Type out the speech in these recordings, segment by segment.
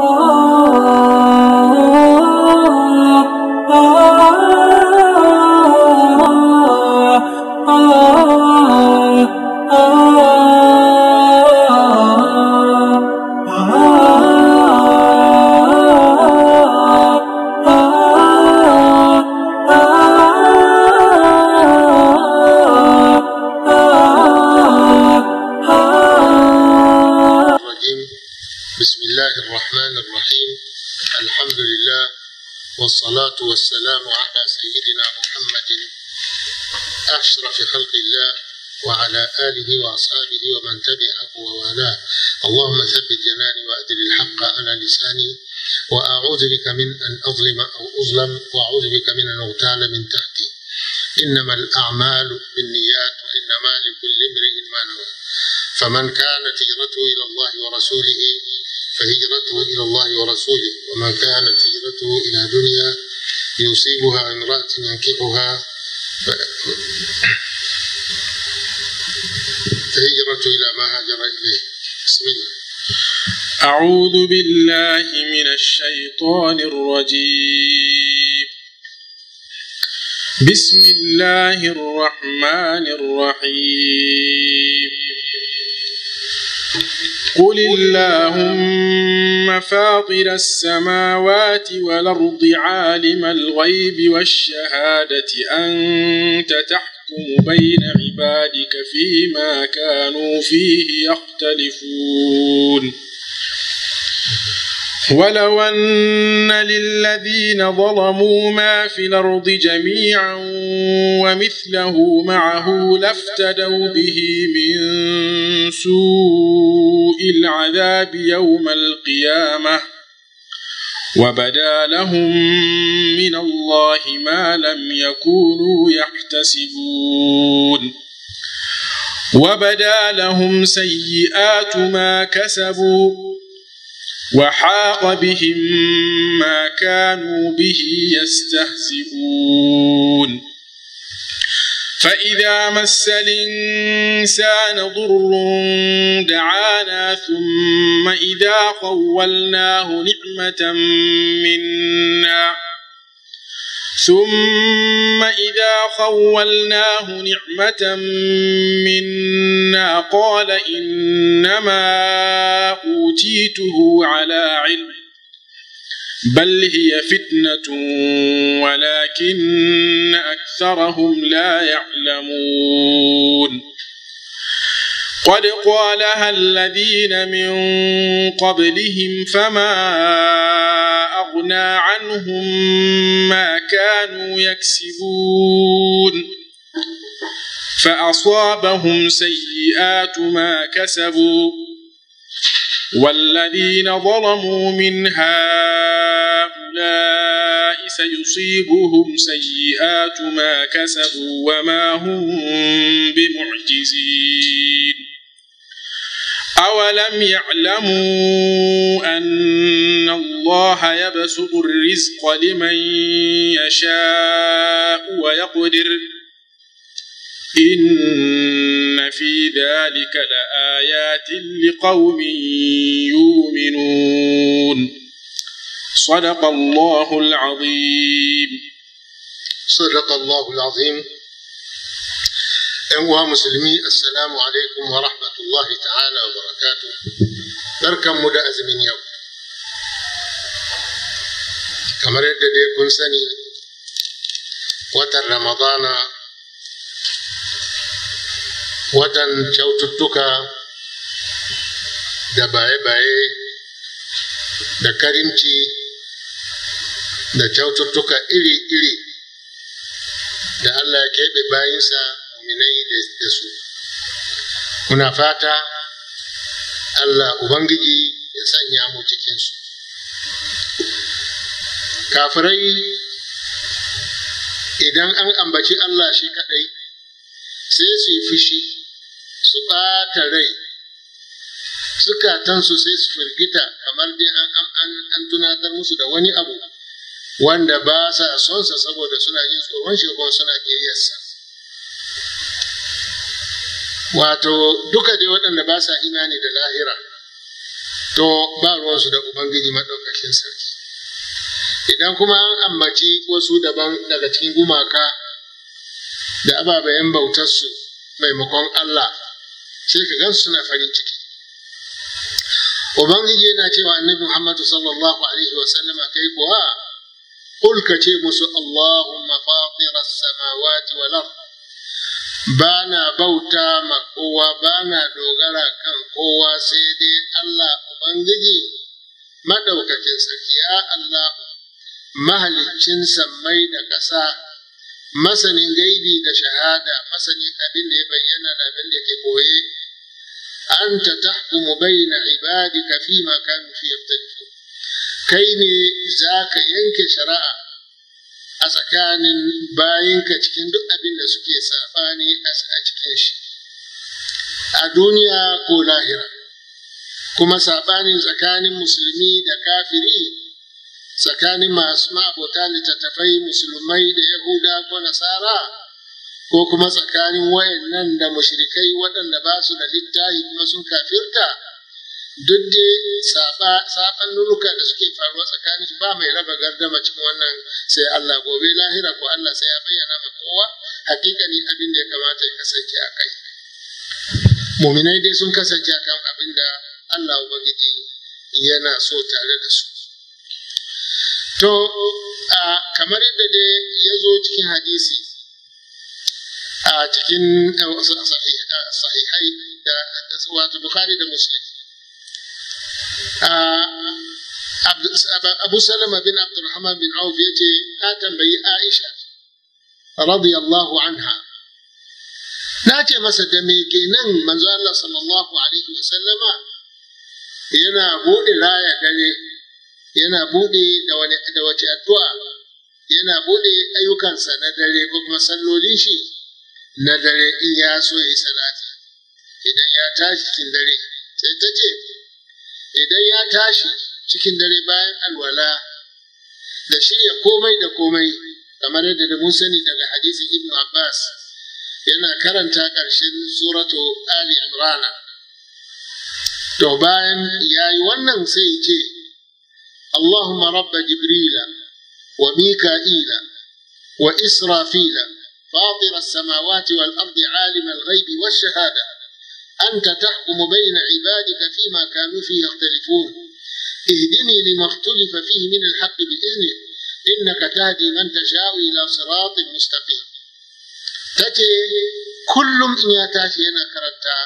Oh. أعوذ بك من أن أظلم أو أظلم وأعوذ بك من أن أغتال من تحتي إنما الأعمال بالنيات وإنما لكل امرئ ما نوى فمن كانت هجرته إلى الله ورسوله فهجرته إلى الله ورسوله ومن كانت هجرته إلى دنيا يصيبها امرأة ينكحها فهجرته إلى ما هاجر إليه بسم الله أعوذ بالله من الشيطان الرجيم بسم الله الرحمن الرحيم قل اللهم فاطر السماوات والأرض عالم الغيب والشهادة أنت تحكم بين عبادك فيما كانوا فيه يختلفون ولو أن للذين ظلموا ما في الأرض جميعا ومثله معه لافتدوا به من سوء العذاب يوم القيامة وبدا لهم من الله ما لم يكونوا يحتسبون وبدا لهم سيئات ما كسبوا وحاق بهم ما كانوا به يستهزئون فإذا مس الإنسان ضر دعانا ثم إذا خولناه نعمة منا ثم إذا خولناه نعمة منا قال إنما أوتيته على علم بل هي فتنة ولكن أكثرهم لا يعلمون قد قالها الذين من قبلهم فما أغنى عنهم ما كانوا يكسبون فأصابهم سيئات ما كسبوا والذين ظلموا من هؤلاء سيصيبهم سيئات ما كسبوا وما هم بمعجزين أولم يعلموا أن الله يبسط الرزق لمن يشاء ويقدر إن في ذلك لآيات لقوم يؤمنون صدق الله العظيم صدق الله العظيم ‘Yan uwa musulmi, Assalamu alaikum wa rahmatullahi ta'ala wa barakatu, mu da azumin yau. Kamar yadda dai kun sani, watan Ramadana, watan kyaututtuka da baye-baye da karimci da kyaututtuka iri-iri da Allah ya keɓe bayinsa. muminai da su muna fata Allah Ubangiji ya sanya mu cikinsu kafirai idan an ambaci Allah shi kaɗai sai su yi fushi su ɓata rai su sai su firgita kamar dai an tunatar musu da wani abu wanda ba sa sonsa saboda suna jin tsoron shi ko suna ƙiyayyarsa wato duka dai waɗanda ba sa imani da lahira to ba ruwansu da ubangiji maɗaukakin sarki idan kuma an ambaci wasu daban daga cikin gumaka da ababen bautarsu maimakon Allah sai ka gan suna farin ciki ubangiji yana cewa annabi muhammadu sallallahu alaihi wa sallama kai kuwa ce musu Allahumma, اللهم samawati السماوات والأرض ba na bauta ma kowa ba na dogara kan kowa sai dai Allah Ubangiji maɗaukakin sarki ya Allah mahaliccin sammai da ƙasa masanin gaibi da shahada masanin abin da ya bayyana da abin da ke koye an ta tahkumu baina ibadika fi ma kanu fi kai ne za ka yanke shari'a a tsakanin bayinka cikin duk abin da suke saɓani a cikin shi a duniya ko lahira kuma saɓanin tsakanin musulmi da kafiri tsakanin masu ma'abota littattafai musulmai da yahuda ko nasara ko kuma tsakanin wayannan da mushirikai waɗanda ba su da littahi kuma sun kafirta duk dai saɓannunuka da suke faruwa tsakanin ba mai raba gardama cikin wannan sai Allah gobe lahira ko Allah sai ya bayyana ma kowa hakikani abin da ya kamata ya kasance a kai muminai dai sun kasance a kan abin da Allah ubangiji yana so tare da su to a kamar yadda dai ya zo cikin hadisi a cikin sahihai da wato bukhari da muslim abu salama bin Abdulrahman bin auf ya ce na tambayi aisha radiyallahu anha na ce masa da me kenan manzo Allah sallallahu alaihi wasallama sallama yana buɗe raya dare yana buɗe da wace addu'a yana buɗe ayyukansa na dare ko kuma shi na dare in ya so ya yi salati idan ya tashi cikin dare sai ta ce idan ya tashi cikin dare bayan alwala da shirya komai da komai kamar yadda da mun sani daga hadisi ibnu abbas yana karanta ƙarshen suratu ali imran to bayan yayi wannan sai ce اللهم رب جبريل وميكائيل وإسرافيل فاطر السماوات والأرض عالم الغيب والشهادة أنت تحكم بين عبادك فيما كانوا فيه يختلفون اهدني لما اختلف فيه من الحق بإذنك إنك تهدي من تشاء إلى صراط مستقيم تتي كل إن يتاتي أنا كرتا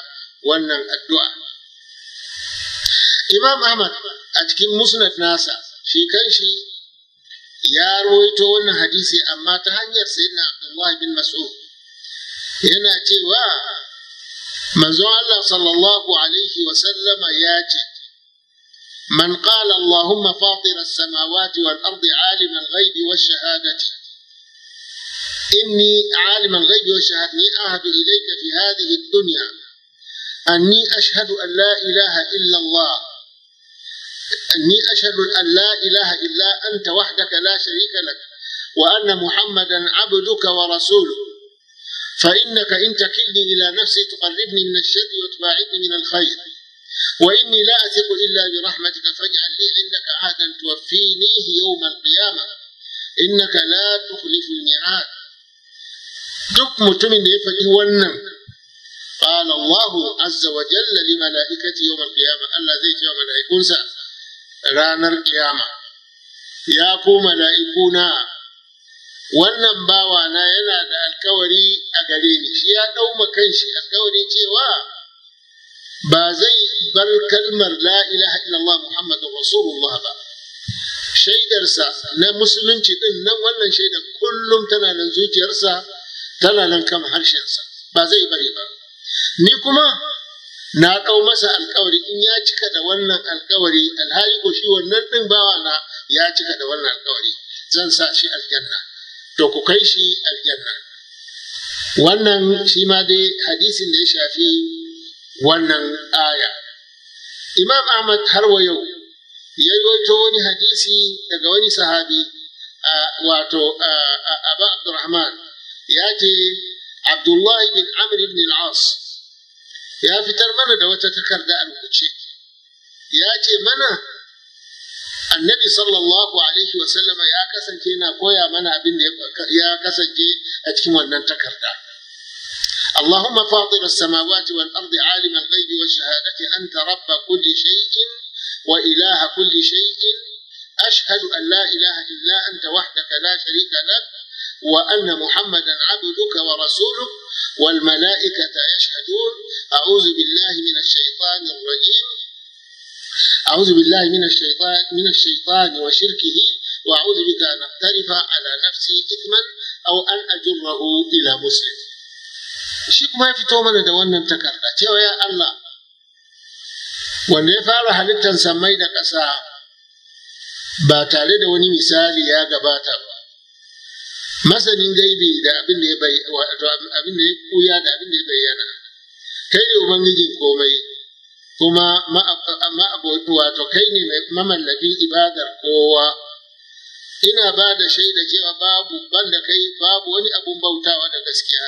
وأن الدعاء إمام أحمد أتكلم مسند ناسا في كنشي يا رويتو حديثي أما تهنجر سيدنا عبد الله بن مسعود هنا تي manzon Allah sallallahu alaihi wasallama ya ce man qala Allahumma fatir as-samawati wal ardi alim al-ghaibi wash-shahadati inni alim al-ghaibi wash-shahadati ahadu ilayka fi hadhihi ad-dunya anni ashhadu an la ilaha illa Allah أني أشهد أن لا إله إلا أنت وحدك لا شريك لك وأن محمدا عبدك ورسولك فإنك إن تكلني إلى نفسي تقربني من الشر وتباعدني من الخير وإني لا أثق إلا برحمتك فاجعل لي عندك عهدا توفينيه يوم القيامة إنك لا تخلف الميعاد دك متمني إيه؟ فإهو النم قال الله عز وجل لملائكتي يوم القيامة ألا زيت يوم ملائكون رانا القيامة يا ملائكونا ملائكونا wannan bawa na yana da alkawari a gare ni shi ya ɗauma shi alkawari cewa ba zai bar kalmar la ilaha illallah muhammadu rasulullah ba shaidarsa na musulunci din nan wannan shaidar kullum tana nan zuciyarsa tana nan kan harshensa ba zai bari ba ni kuma na ɗau masa alkawari in ya cika da wannan alkawari alhali ko shi wannan ɗin bawa na ya cika da wannan alkawari zan sa shi aljanna to ku kai shi aljanna wannan shi ma dai hadisin da ya shafi wannan aya imam ahmad har wa yau ya wato wani hadisi daga wani sahabi wato abu abdurrahman ya ce abdullahi bin amr ibn al-as ya fitar mana da wata takarda a rubuce ya ce mana النبي صلى الله عليه وسلم يا yana koya mana abin da يا kasance a cikin wannan اللهم فاطر السماوات والأرض عالم الغيب والشهادة أنت رب كل شيء وإله كل شيء أشهد أن لا إله إلا أنت وحدك لا شريك لك وأن محمدا عبدك ورسولك والملائكة يشهدون أعوذ بالله من الشيطان الرجيم أعوذ بالله من الشيطان من الشيطان وشركه وأعوذ بك أن أقترف على نفسي إثما أو أن أجره إلى مسلم shi kuma ya fito mana da wannan takarda cewa ya Allah wanda ya fara halittar samai da ƙasa ba tare da wani misali ya gabata ba masanin gaibi da abin da ya kuya da abin da ya bayyana kai ne ubangijin komai kuma wato kai ne mamallakin ibadar kowa ina ba da shaida cewa babu banda kai babu wani abun bautawa da gaskiya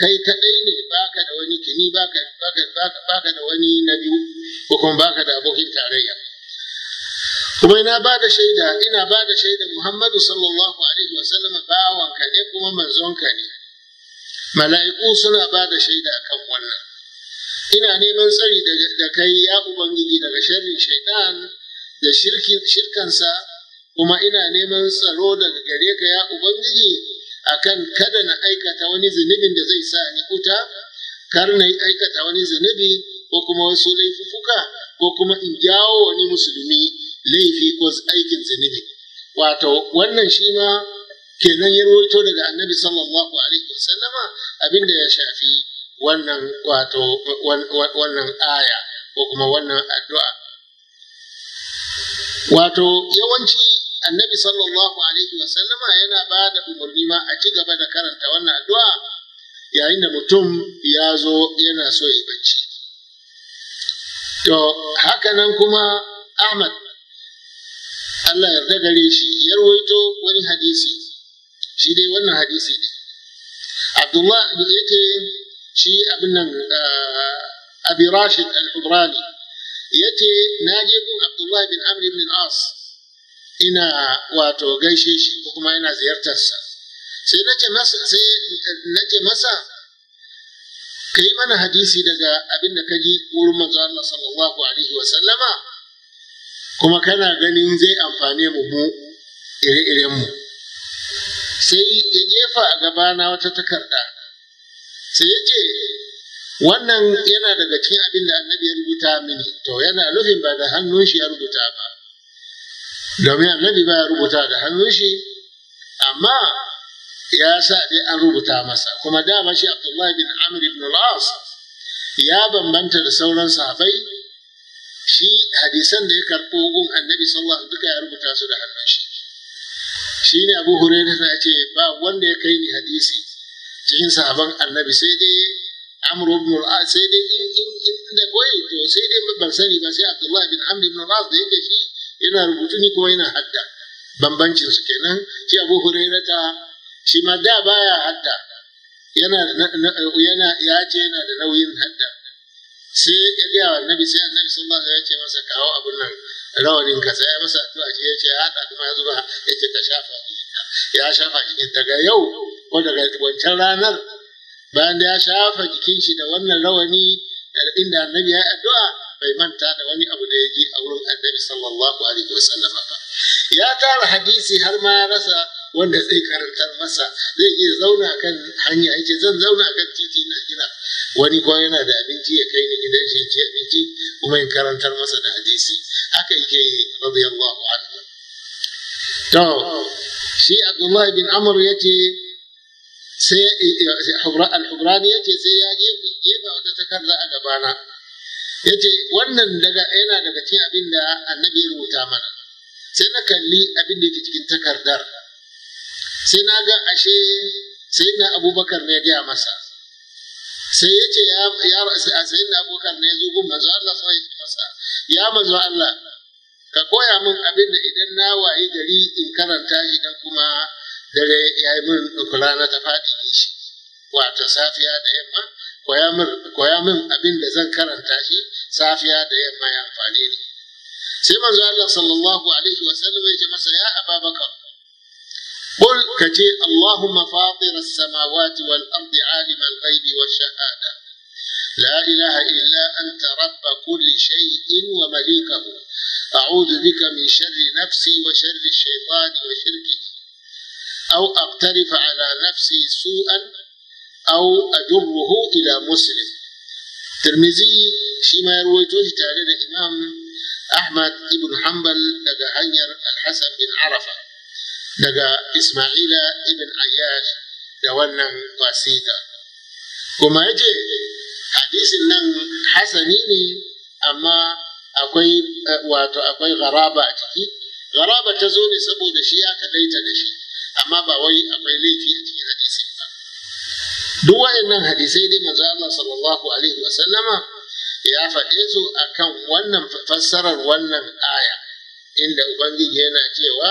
kai kadai ne baka da wani kini baka baka baka da wani na biyu ko kuma baka da abokin tarayya kuma ina ba da shaida ina ba da shaida Muhammadu sallallahu alaihi wa sallam bawanka ne kuma manzon ka ne mala'iku suna ba da shaida akan wannan ina neman tsari da kai ya ubangiji daga sharrin shaitan da shirkansa kuma ina neman tsaro daga gare ka ya ubangiji akan kada na aikata wani zunubin da zai sa ni kuta kar na aikata wani zunubi ko kuma wasu laifuka ko kuma in jawo wani musulmi laifi ko aikin zunubi wato wannan shi ma kenan ya rawaito daga annabi sallallahu alaihi wasallama abinda ya shafi wannan wato wannan aya ko kuma wannan addu'a wato yawanci annabi sallallahu alaihi wa yana ba da umarni ma a ci gaba da karanta wannan addu'a yayin da mutum ya zo yana so ya bacci to haka nan kuma ahmad Allah yarda gare shi ya wani hadisi shi dai wannan hadisi ne Abdullah yake shi abin nan eh, abi rashid al-hudrani ya ce na je gun abdullahi bin amr bin as ina wato gaishe shi ko kuma ina ziyartarsa sai na ce masa ka yi mana hadisi daga abin da ka ji wurin manzo Allah sallallahu alaihi wa sallama kuma kana ganin zai amfane mu mu ire mu. sai ya jefa a gabana wata takarda sai ya ce wannan yana daga cikin abin da annabi ya rubuta mini to yana nufin ba da hannun shi ya rubuta ba domin annabi ba ya rubuta da hannun shi amma ya sa dai an rubuta masa kuma dama shi abdullahi bin amir ibn al ya bambanta da sauran sahabai shi hadisan da ya karɓo gun annabi sallallahu alaihi duka ya rubuta su da hannun shi shi ne abu hurairah na ce ba wanda ya kai ni hadisi cikin sahaban annabi sai dai amru ibn al sai dai in in da koyi to sai dai ban sani ba sai abdullahi bin amr ibn al da yake shi yana rubutu ni kuma yana hadda bambancin su kenan shi abu ta shi ma da baya hadda yana yana ya ce yana da nauyin hadda sai ya gaya wa annabi sai annabi sallallahu alaihi wasallam ya ce masa kawo abun nan rawanin ka sai masa addu'a shi ya ce ya hada kuma ya zuba ya ce ka shafa ya shafa shi daga yau ko daga wancan ranar bayan da ya shafa jikin shi da wannan rawani inda annabi ya yi addu'a bai manta da wani abu da ya ji a wurin annabi sallallahu alaihi sallam ba ya tara hadisi har ma ya rasa wanda zai karantar masa zai iya zauna kan hanya yace zan zauna kan titi na gina. wani kuma yana da abinci ya kai ni gidan shi ci abinci kuma in karantar masa da hadisi haka yake radiyallahu anhu to shi abdullahi bin amr yace sai eh, eh, alhubrani ya ce sai ya jefa wata takarda a gabana ya ce wannan daga yana daga cikin abin da annabi ya rubuta mana sai na kalli abin da yake cikin takardar sai na ga ashe sai na abubakar ne ya gaya masa sai ya ce ya sai na abubakar ne ya zo gun manzo Allah sai ya masa ya manzo Allah ka koya min abin da idan na wayi gari in karanta idan kuma dare ya yi min rana ta faɗi ne shi wato safiya da yamma koya min abin da zan karanta shi safiya da yamma ya amfani ne sai manzo Allah sallallahu alaihi wa sallam ya ce masa ya Ababakar قل كتي اللهم فاطر السماوات والأرض عالم الغيب والشهادة لا إله إلا أنت رب كل شيء ومليكه أعوذ بك من شر نفسي وشر الشيطان وشركه أو أقترف على نفسي سوءا أو أجره إلى مسلم ترمزي شما يروي رويته تعالى الإمام أحمد بن حنبل لقى هنير الحسن بن عرفة لقى إسماعيل بن عياش دوانا واسيدا كما يجي حديث النم حسنيني أما أكوي واتو أكوي غرابة أتكي غرابة تزوني سبو دشي أكديت دشي amma ba wai akwai laifi a cikin hadisin ba duk waɗannan hadisai dai manzo Allah sallallahu alaihi wa sallama ya faɗe su akan wannan fassarar wannan aya inda ubangiji yana cewa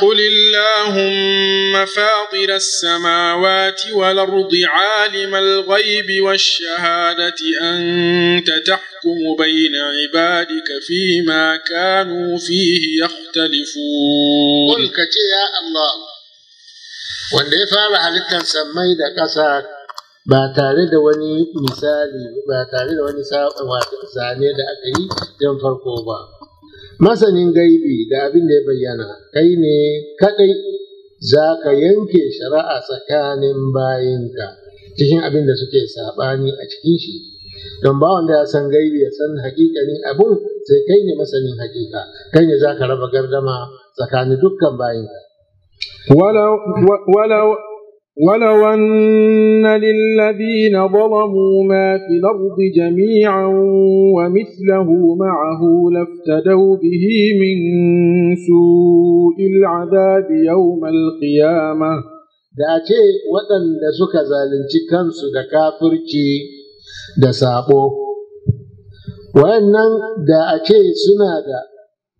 قل اللهم فاطر السماوات والأرض عالم الغيب والشهادة أنت تحكم بين عبادك فيما كانوا فيه يختلفون يختلفون قل يا الله wanda ya fara halittar sammai da ƙasa ba tare da wani misali ba tare da wani zane da aka yi don farko ba masanin gaibi da abin da ya bayyana kai ne kadai za ka yanke shari'a tsakanin bayinka cikin abin da suke saɓani a cikin shi don ba wanda ya san gaibi ya san hakikanin abun sai kai هكذا masanin hakika kai ne zaka raba gardama tsakanin ولو أن للذين ظلموا ما في الأرض جميعا ومثله معه لافتدوا به من سوء العذاب يوم القيامة داتي ودن دسوك زالنتي كنسو دكافرتي دسابو wayannan da a ce suna da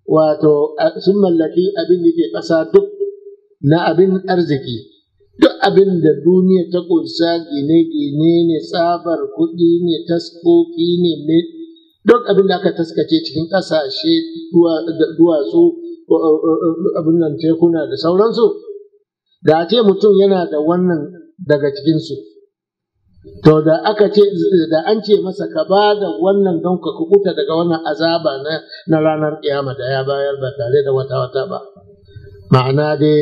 wato sun mallaki abin da ke ƙasa duk na abin arziki duk abin da duniya ta ƙunsa gine-gine ne tsabar kuɗi ne taskoki ne duk abin da aka taskace cikin ƙasashe duwatsu abin nan tekuna da sauransu da a ce mutum yana da wannan daga cikinsu To da aka ce da an ce masa ka ba da wannan don ka kuta daga wannan azaba na, ranar kiyama da ya bayar ba tare da wata wata ba. Ma'ana dai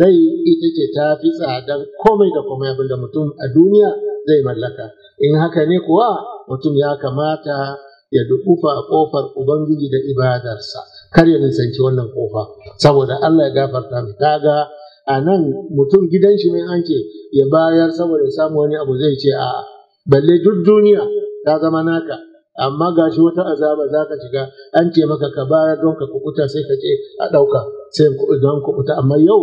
rai ita ce ta fi tsadan komai da komai abinda mutum a duniya zai mallaka. In haka ne kuwa mutum ya kamata ya dukufa a kofar Ubangiji da ibadarsa. Kar ya nisanci wannan kofa saboda Allah ya gafarta ta Taga, a nan mutum gidan shi ne an ce ya bayar saboda samu wani abu zai ce a balle duk duniya ta zama naka amma ga shi wata azaba za ka shiga an ce maka ka bayar don ka kukuta sai ka ce a ɗauka sai don kukuta amma yau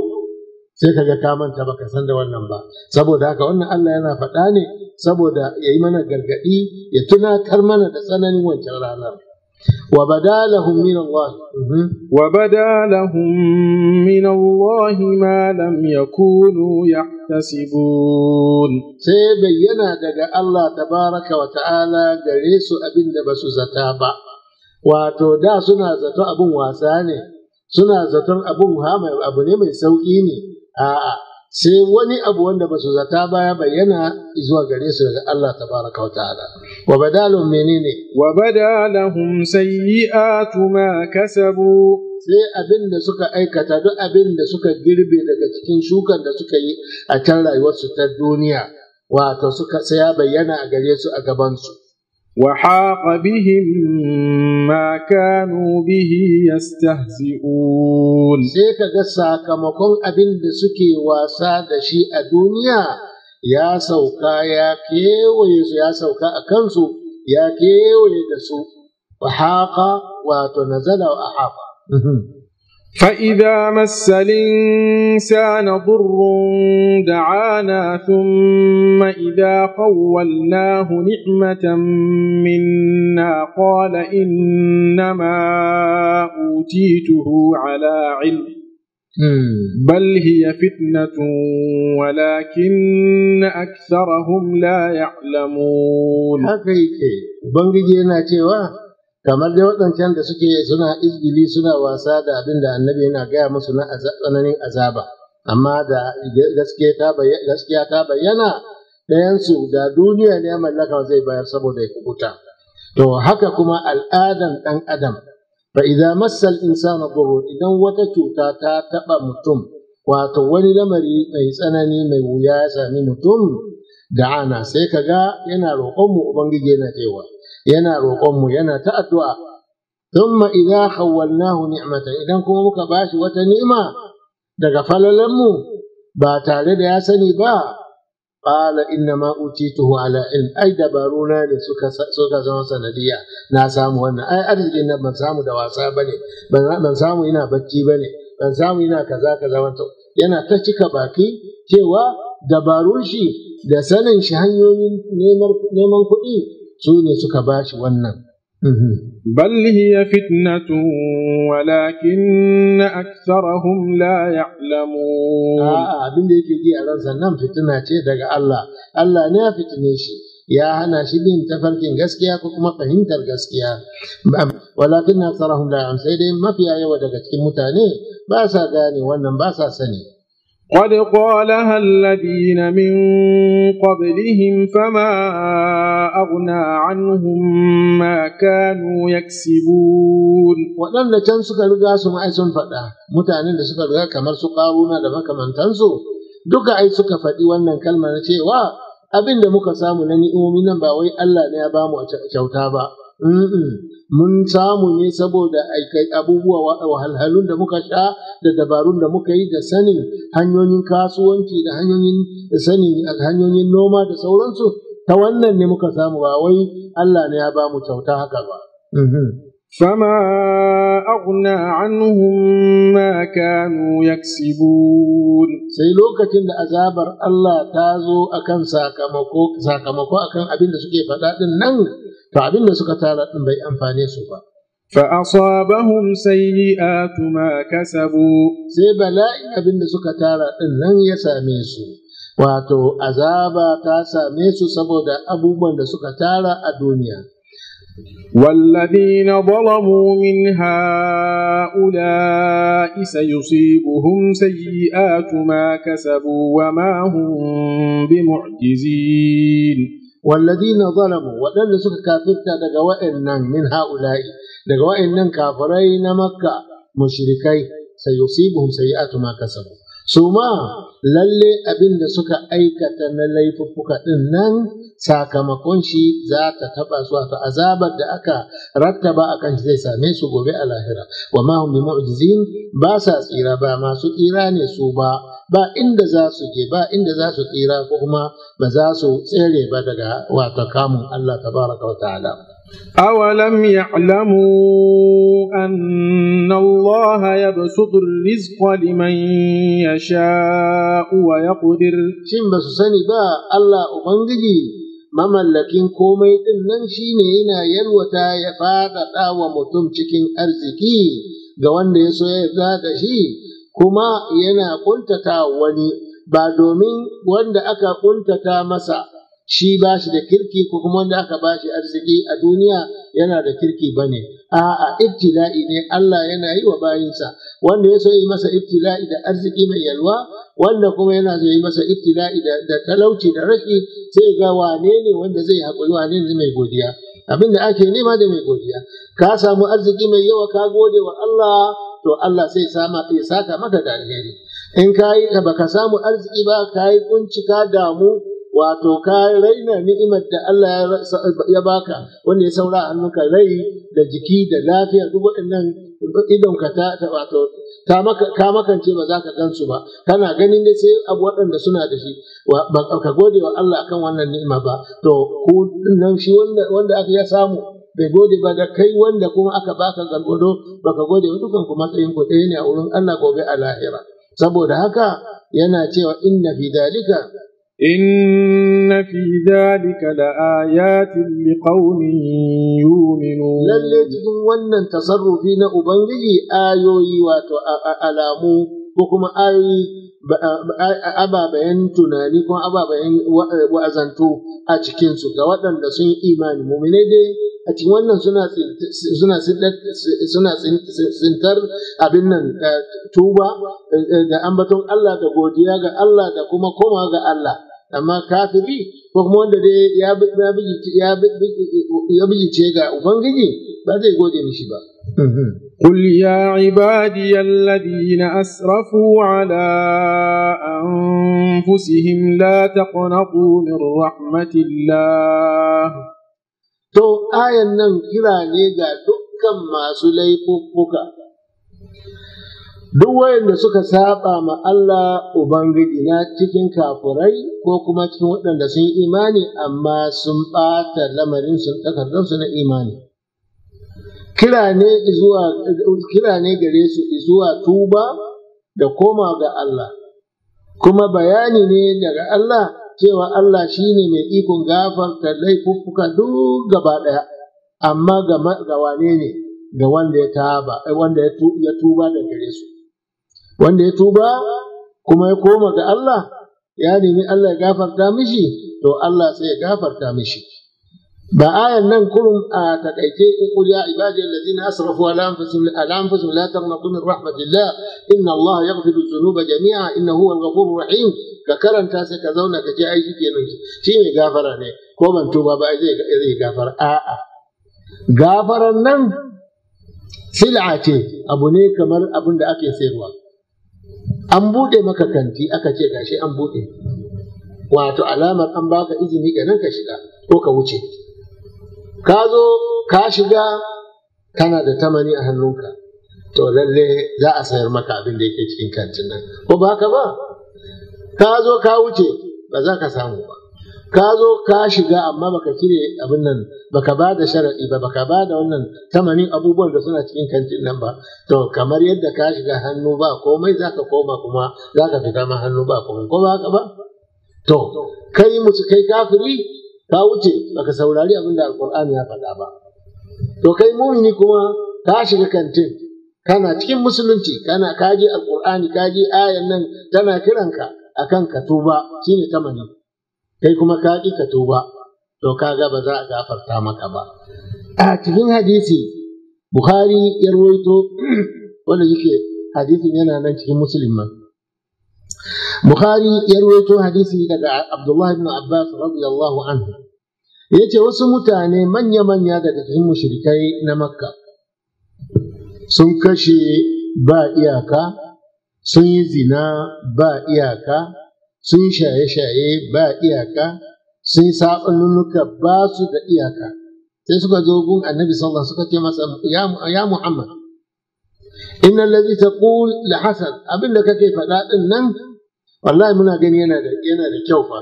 sai ka ga ka manta baka san da wannan ba saboda haka wannan Allah yana faɗa ne saboda ya yi mana gargaɗi ya tunatar mana da tsananin wancan ranar وبدا لهم من الله وبدا لهم من الله ما لم يكونوا يحتسبون سيبينا دقى الله تبارك وتعالى قريس أبن دبس زتابا wato da suna zato abin wasa ne suna zaton abin abu ne mai sauƙi ne a'a sai wani abu wanda ba su zata ya bayyana zuwa gare su daga Allah tabaraka waTa'ala. وبدا menene? منene وبدا لهم سيئات ما كسبوا sai abin da suka aikata duk abin da suka girbe daga cikin shukan da suka yi a can rayuwarsu ta duniya wato suka sai ya bayyana a gare su a gabansu وحاق بهم bihi كانوا به يستهزئون sai kaga sakamakon abin da suke wasa da shi a duniya يا سوكا يا كيوي يا سوكا أكنسو يا كيوي دسو وحاق وتنزل وأحاق فإذا مس الإنسان ضر دعانا ثم إذا قولناه نعمة منا قال إنما أوتيته على علم Hmm. بل هي فتنة ولكن أكثرهم لا يعلمون haka yake bangije yana cewa kamar dai waɗancan da suke suna izgili suna wasa da abin da annabi yana gaya musu na tsananin azaba amma da gaskiya ta bayyana ɗayansu da duniya ne mallaka zai bayar saboda ya kubuta to haka kuma al'adan ɗan adam Ba idza massa al-insana dhurrun idan wata cuta ta taɓa mutum wato wani lamari mai tsanani mai wuya ya sami mutum Da ana sai ka ga yana roƙon mu ubangiji yana cewa yana roƙon mu yana ta addu'a thumma idza ne ni'mata idan kuma muka bashi wata ni'ima daga falalan mu ba tare da ya sani ba qala inna ma utituhu ala ilm ai dabaruna ne suka zama sanadiyya na samu wannan ai arzikin nan ban samu da wasa bane ban samu ina bacci bane ban samu ina kaza kaza wanta yana ta cika baki cewa dabarun shi da sanin shi hanyoyin neman kuɗi su ne suka bashi wannan بل هي فتنة ولكن أكثرهم لا يعلمون آه abin da yake ji a ransa nan fitina ce daga Allah Allah ne ya fitine shi ya hana shi bin tafarkin gaskiya ko kuma fahimtar gaskiya walakin aktharuhum la ya'lamun sai dai mafiya yawa daga cikin mutane ba sa gane wannan ba sa sani قد قالها الذين من قبلهم فما أغنى عنهم ما كانوا يكسبون وأن لكن سكر جاس ما أيسون فدا متعنين لسكر جاس كمر سقاونا لما كمان تنسو duka ai suka faɗi wannan kalmar na cewa abin da muka samu na ni'imomi nan ba wai mun samu ne saboda abubuwa wahalhalun da muka sha da dabarun da muka yi da sanin hanyoyin kasuwanci da hanyoyin sanin hanyoyin noma da sauransu ta wannan ne muka samu ba wai Allah ne ya ba mu kyauta haka ba. Mm-hmm. فما أغنى عنهم ما كانوا يكسبون sai lokacin da azabar Allah ta zo akan sakamako sakamako kan abin da suke faɗa ɗin nan to abin da suka tara ɗin bai amfane su ba فأصابهم سيئات ما كسبوا sai bala'i abin da suka tara ɗin nan ya same su wato azaba ta same su saboda abubuwan da suka tara a duniya والذين ظلموا من هؤلاء سيصيبهم سيئات ما كسبوا وما هم بمعجزين والذين ظلموا ودل سك كافر تدقوا من هؤلاء دقوا إنن كافرين مكة مشركين سيصيبهم سيئات ما كسبوا su ma lalle abin da suka aikata na laifuffuka ɗin nan sakamakon shi za ta taɓa su wato azabar da aka rattaba a kan zai same su gobe a lahira wa ma hum mu'jizin ba sa tsira ba masu tsira ne su ba ba inda za su je ba inda za su tsira ko kuma ba za su tsere ba daga wato kamun Allah tabaraka wa ta'ala أولم يعلموا أن الله يبسط الرزق لمن يشاء ويقدر شن بس سني با الله أبنجي mamallakin komai ɗin nan shine yana yalwata ya faɗaɗa wa mutum cikin arziki ga wanda ya so ya da shi kuma yana ƙuntata wani ba domin wanda aka ƙuntata masa shi ba shi da kirki ko kuma wanda aka ba shi arziki a duniya yana da kirki ba ne a'a ibtila'i ne Allah yana yi wa bayinsa wanda ya so yi masa ibtila'i da arziki mai yalwa wanda kuma yana so yi masa ibtila'i da talauci da rashi sai ga wane ne wanda zai haƙuri wane ne mai godiya abin da ake nema da mai godiya ka samu arziki mai yawa ka gode wa Allah to Allah sai sama ya saka maka da alheri in ka yi baka samu arziki ba ka yi kunci ka damu wato ka raina ni'imar da Allah ya baka wanda ya saura hannunka rai da jiki da lafiya duk waɗannan idonka ta wato ka makance ba za ka gansu ba kana ganin da sai abu waɗanda suna da shi ba ka gode wa Allah kan wannan ni'ima ba to ku nan shi wanda aka ya samu bai gode ba da kai wanda kuma aka baka Ba ka gode wa dukan kuma matsayin ku ɗaya ne a wurin Allah gobe a lahira saboda haka yana cewa inna fi dalika إن في ذلك لآيات لقوم يؤمنون lalle cikin wannan tasarrufi na Ubangiji ayoyi wato alamu ko kuma ayoyi ababayen tunani ko ababayen eh, wa'azanto a cikinsu ga waɗanda sun yi imani muminai dai a cikin wannan suna tsintar abin nan eh, tuba eh, da ambaton Allah da godiya ga Allah da kuma koma ga Allah amma kafiri ko kuma wanda dai ya bugi ya ya bugi ce ga ubangiji ba zai gode mishi ba kul mhm. ya ibadi alladina asrafu ala anfusihim la taqnatu min rahmatillah to ayan nan kira ne ga dukkan masu laifuka duk wayanda suka saba ma Allah Ubangiji na cikin kafurai ko kuma cikin waɗanda sun yi imani amma sun ɓata lamarin sun na imani. Kira ne gare su zuwa tuba da koma ga Allah, kuma bayani ne daga Allah cewa Allah shi ne mai ikon gafarta laifuffuka duk gaba ɗaya, amma ga wane ne ga wanda ya tuba da gare su. wanda ya tuba kuma ya koma ga Allah ya nemi Allah ya gafarta mishi to Allah sai ya gafarta mishi ba ayan nan kurum a takaice in qul ya ibadi allazina asrafu ala anfusihim ala anfusihim la taqnatu min rahmatillah inna Allah yaghfiru dhunuba jami'a innahu huwal ghafurur rahim ka karanta sai ka zauna ka ji ai nan shi ne gafara ne ko ban tuba ba zai zai gafara a'a gafaran nan sil'a ce abu ne kamar abin da ake sayarwa an buɗe maka kanti aka ce gashi an buɗe wato alamar an baka izini ga nan ka shiga ko ka wuce ka zo ka shiga kana da tamani a hannunka to lalle za a sayar maka abin da yake cikin kantin nan ko ba ba ka zo ka wuce ba za ka samu ba ka zo ka shiga amma baka cire abin nan baka ba da sharaɗi ba baka ba da wannan tamanin abubuwan da suna cikin kantin nan ba to kamar yadda ka shiga hannu ba komai zaka koma kuma zaka fita ma hannu ba komai ko ba haka ba to kai musu kai kafiri ka wuce baka saurari abin da alkur'ani ya faɗa ba to kai mumini kuma ka shiga kantin kana cikin musulunci kana kaji alkur'ani kaji ayan nan tana kiranka akan ka tuba shine tamanin kai kuma ka ƙi ka tuba to ka ga ba za a gafarta maka ba a cikin hadisi Buhari ya ruwaito wanda yake hadisin yana nan cikin musulman Buhari ya ruwaito hadisi daga Abdullahi ibn Abbas radiyallahu anhu ce wasu mutane manya-manya daga cikin mushrikai na Makka sun kashe ba iyaka sun yi zina ba iyaka sun shaye-shaye ba iyaka sun saɓanunuka ba su da iyaka sai suka zo gun annabi sallallahu suka ce masa ya muhammad inna allazi taqul la hasan abin da kake faɗa din nan wallahi muna gani yana da yana da kyau fa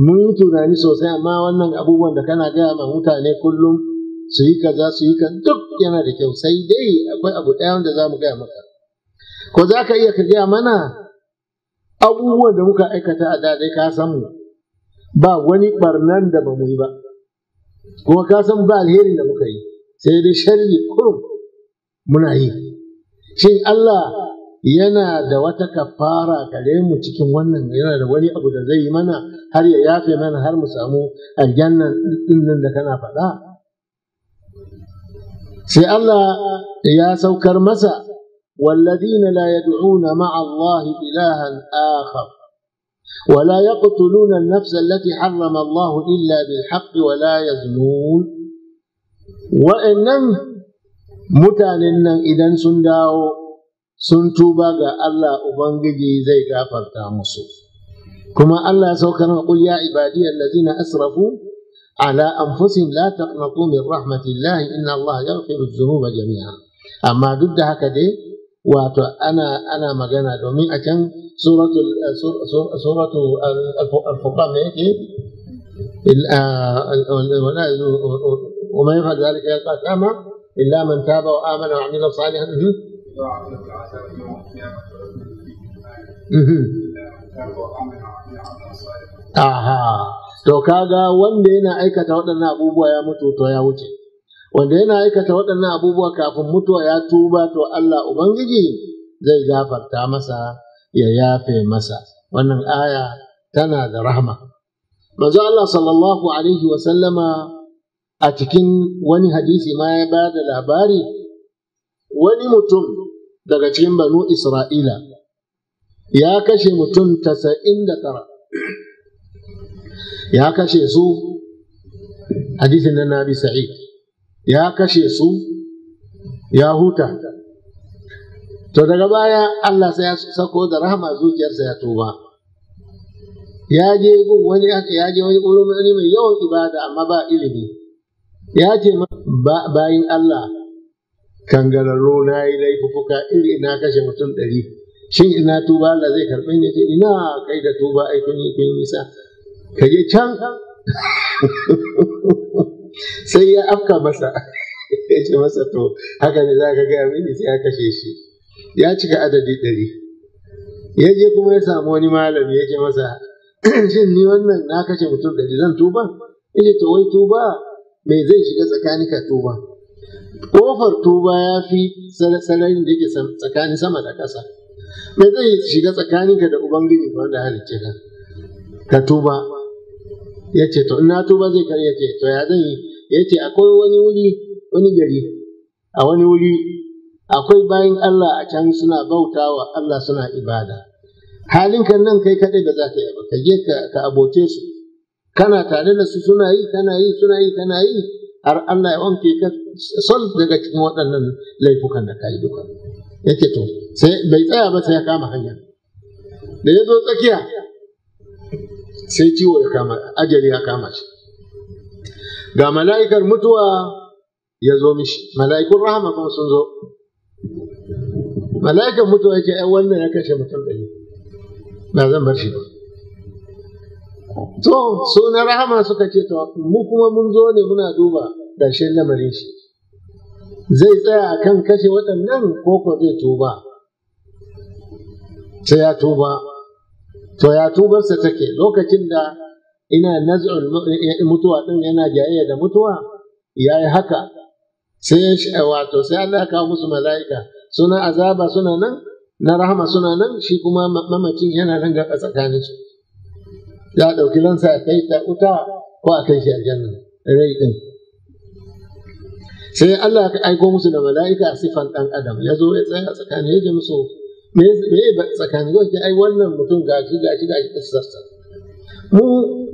mun yi tunani sosai amma wannan abubuwan da kana gaya ma mutane kullum su yi kaza su yi kaza duk yana da kyau sai dai akwai abu ɗaya wanda za mu gaya maka ko za ka iya ka mana abubuwan da muka aikata a dadai ka san ba wani barnan da ba mu yi ba kuma ka san ba alheri da muka yi sai dai sharri kurum muna yi shin Allah yana da wata kafara gare mu cikin wannan yana da wani abu da zai yi mana har ya yafe mana har mu samu aljannan din da kana faɗa sai Allah ya saukar masa والذين لا يدعون مع الله إلها آخر ولا يقتلون النفس التي حرم الله إلا بالحق ولا يزنون وإنهم متالنا إذا سنداو سنتوبا ألا أبنجي زي كافر مصوف كما ألا سوكنا وقل يا عبادي الذين أسرفوا على أنفسهم لا تقنطوا من رحمة الله إن الله يغفر الذنوب جميعا أما ضد هكذا wato ana ana magana domin a can suratul eh, suratul al-furqan ne yake يفعل ذلك يلقى من تاب وعمل صالحا Aha, to kaga wanda yana aikata waɗannan abubuwa ya mutu to ya wuce. wanda yana aikata waɗannan abubuwa kafin mutuwa ya tuba to Allah Ubangiji zai gafarta masa ya yafe masa wannan aya tana da rahma manzo Allah sallallahu alaihi wa sallama a cikin wani hadisi ma ya ba da labari wani mutum daga cikin banu Isra'ila ya kashe mutum tasa'in da tara ya kashe su hadisin na Nabi Sa'id ya kashe su ya huta to daga baya Allah sai ya sako da rahama zuciyarsa ya tuba ya je gun wani ya je wani mai yawan ibada amma ba ilimi ya ce bayin Allah kangararro na yi laifuka iri na kashe mutum ɗari shin ina tuba Allah zai karɓe ne ina kai da tuba ai kun yi nisa ka je can sai ya afka masa ya ce masa to haka ne za ka gaya mini sai ya kashe shi ya cika adadi ɗari ya je kuma ya samu wani malami ya ce masa shin ni wannan na kashe mutum ɗari zan tuba ya ce to wai tuba me zai shiga tsakani ka tuba kofar tuba ya fi sararin da yake tsakanin sama da ƙasa me zai shiga ka da ubangiji wanda halicce ka ka tuba ya ce to ina tuba zai karya ce to ya zan yi ya ce akwai wani wuri wani gari a wani wuri akwai bayan Allah a can suna bautawa Allah suna ibada halinka nan kai kaɗai ba za ka yi ba ka je ka abote su kana tare da su suna yi kana yi suna yi kana yi har Allah ya wanke ka sol daga cikin waɗannan laifukan da ka yi duka yake to sai bai tsaya ba sai ya kama hanya da ya zo tsakiya sai ciwo ya kama ajali ya kama shi ga mala'ikar mutuwa ya zo mishi mala'ikun rahama kuma sun zo mala'ikar mutuwa yake ai wannan ya kashe mutum ɗari ba zan bar shi ba to su na rahama suka ce to mu kuma mun zo ne muna duba ƙarshen lamarin shi zai tsaya a kan kashe waɗannan ko ko zai tuba sai ya tuba to ya tubarsa take lokacin da ina nazar mutuwa din yana jayayya da mutuwa yayi haka sai wato sai Allah ya kawo musu mala'ika suna azaba suna nan na rahama suna nan shi kuma mamacin yana nan ga tsakanin su ya dauki lansa a kai ta uta ko a kai shi aljanna rai din sai Allah ya aiko musu da mala'ika a sifan dan adam ya zo ya tsaya tsakanin ya ji musu me me tsakanin ko ai wannan mutum gashi gashi gashi tsarsa mu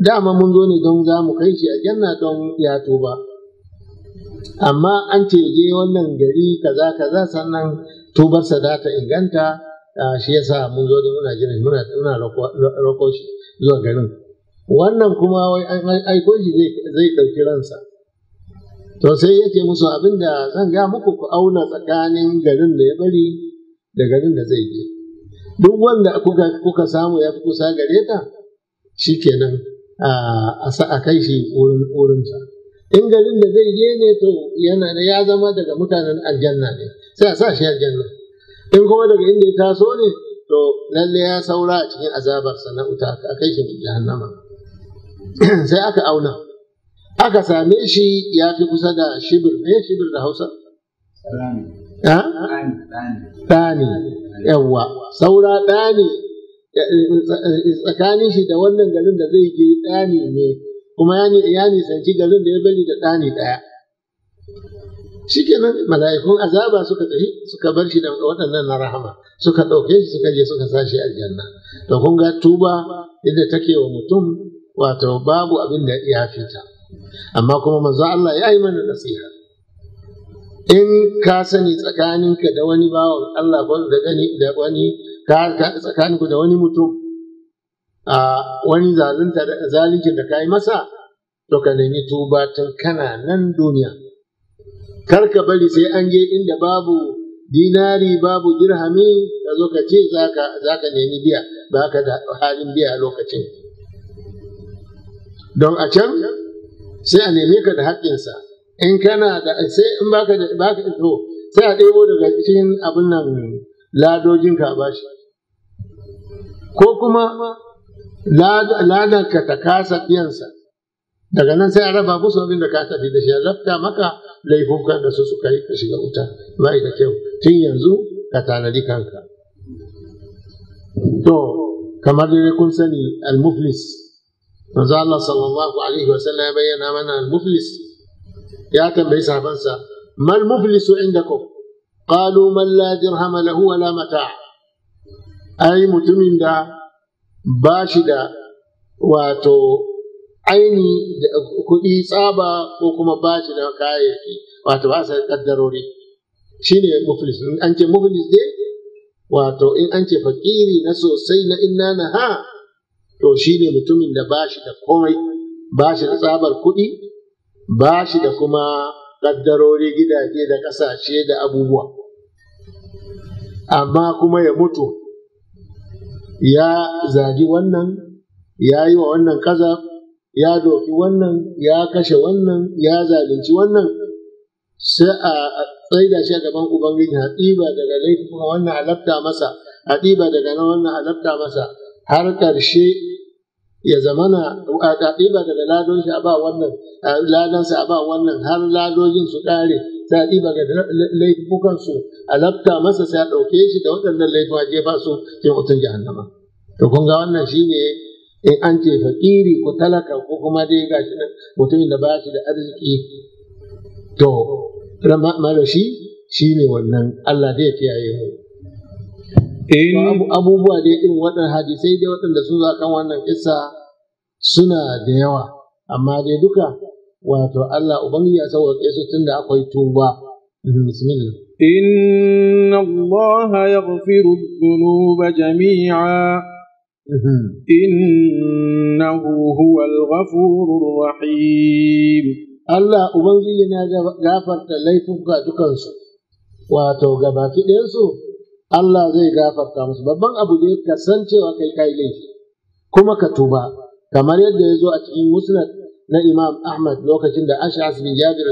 dama mun zo ne don za mu kai shi a janna don ya tuba amma an ce je wannan gari kaza kaza sannan tubarsa za ta inganta shi yasa mun zo ne muna jira muna muna roko shi zuwa garin wannan kuma wai aiko shi zai ɗauki ransa to sai yake musu abinda zan ga muku ku auna tsakanin garin da ya bari da garin da zai je duk wanda kuka samu ya fi kusa gare ta shi kenan a kai shi wurinsa in garin da zai je ne to yana da ya zama daga mutanen aljanna ne sai a sa shi aljanna in kuma daga inda ya taso ne to lalle ya saura a cikin azabarsa na wuta a kai shi jahannama sai aka auna aka same shi ya fi kusa da shibir ne shibir da hausa ɗani yawwa saura ɗani tsakanin shi da wannan garin da zai je ɗani ne kuma ya nisanci garin da ya bari da ɗani ɗaya shi kenan mala'ikun azaba suka tafi suka bar shi da waɗannan na rahama suka ɗauke shi suka je suka sa shi aljanna to kun ga tuba yadda take wa mutum wato babu abin da ya fita amma kuma manzo Allah ya yi mana nasiha in ka sani tsakaninka da wani bawan Allah da wani tsakanin ku da wani mutum a wani zalunta da zalikin da ka yi masa to ka nemi tuba tun kana nan duniya kar ka bari sai an je inda babu dinari babu dirhami ka zo ka ce za ka nemi biya ba ka da halin biya lokacin don a can sai a nemi ka da haƙƙinsa in kana da sai in baka da baka to sai a ɗebo daga cikin abin nan ladojinka a bashi ko kuma ka ta kasa biyansa daga nan sai a raba musu abin da ka tafi da shi lafta maka laifuka da su suka yi ka shiga wuta ba da kyau tun yanzu ka tanadi kanka to kamar dai kun sani al-muflis manzo Allah sallallahu alaihi wasallam ya bayyana mana al-muflis ya tambayi sahabansa mal muflisu indakum qalu man la dirham lahu wala mata' ai mutumin da ba shi da wato aini da kuɗi tsaba ko kuma ba shi da kayayyaki wato ba sa ƙaddarori shi ne muflis in an ce muflis dai wato in an ce fakiri na sosai na inna na ha to shi ne mutumin da ba shi da komai ba shi da tsabar kuɗi ba shi da kuma ƙaddarori gidaje da ƙasashe da abubuwa amma kuma ya mutu ya zagi wannan ya yi wa wannan kaza ya doki wannan ya kashe wannan ya zalunci wannan sai a tsaida shi a gaban ubangiji a ɗiba daga laifin wannan halatta masa a ɗiba daga nan wannan halatta masa har ƙarshe ya zamana a ɗiba daga ladon shi a ba wannan ladansa a ba wannan har ladojin su ƙare daɗi ba ga laifukan su a lafta masa sai a ɗauke shi da waɗannan laifuka jefa su ke hutun jahannama to kun ga wannan shine in an ce fakiri ko talaka ko kuma dai gashi nan mutumin da ba shi da arziki to shi shine wannan Allah zai kiyaye mu eh. abubuwa dai irin waɗannan hadisai dai waɗanda su za kan wannan kisa suna da yawa amma dai duka wato Allah Ubangiji ya sauƙaƙe su tun da akwai tuba. Mhm, bismillah. Inna Allah ya gafiru zunuba jami'a. Mhm. Innahu huwa al-ghafurur rahim. Allah Ubangiji yana gafarta laifuka dukansu, wato gabaki ɗayansu Allah zai gafarta musu babban abu ne kasancewa kai kai laifi kuma ka tuba kamar yadda ya zo a cikin musnad na Imam Ahmad lokacin da Ash'as bin Jabir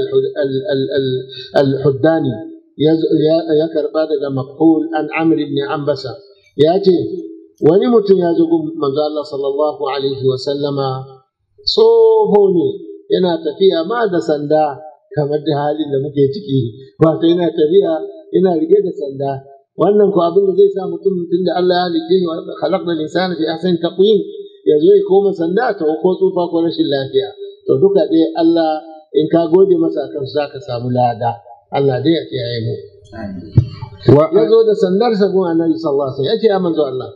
al-Huddani ya karba daga Makhul an Amr ibn Ambasa ya ce wani mutum ya zo gun manzo Allah sallallahu alaihi wa sallama tsoho ne yana tafiya ma da sanda kamar da halin da muke ciki wato yana tafiya yana rike da sanda wannan ko abin da zai sa mutum tunda Allah ya halice shi wa khalaqna al-insana fi ahsani taqwim ya zo ya koma sanda ta ko tsufa ko rashin lafiya to duka dai Allah in ka gode masa kan za ka samu lada Allah dai ya kiyaye mu wa ya zo da sandar sa gun annabi sallallahu alaihi wasallam yace ya manzo Allah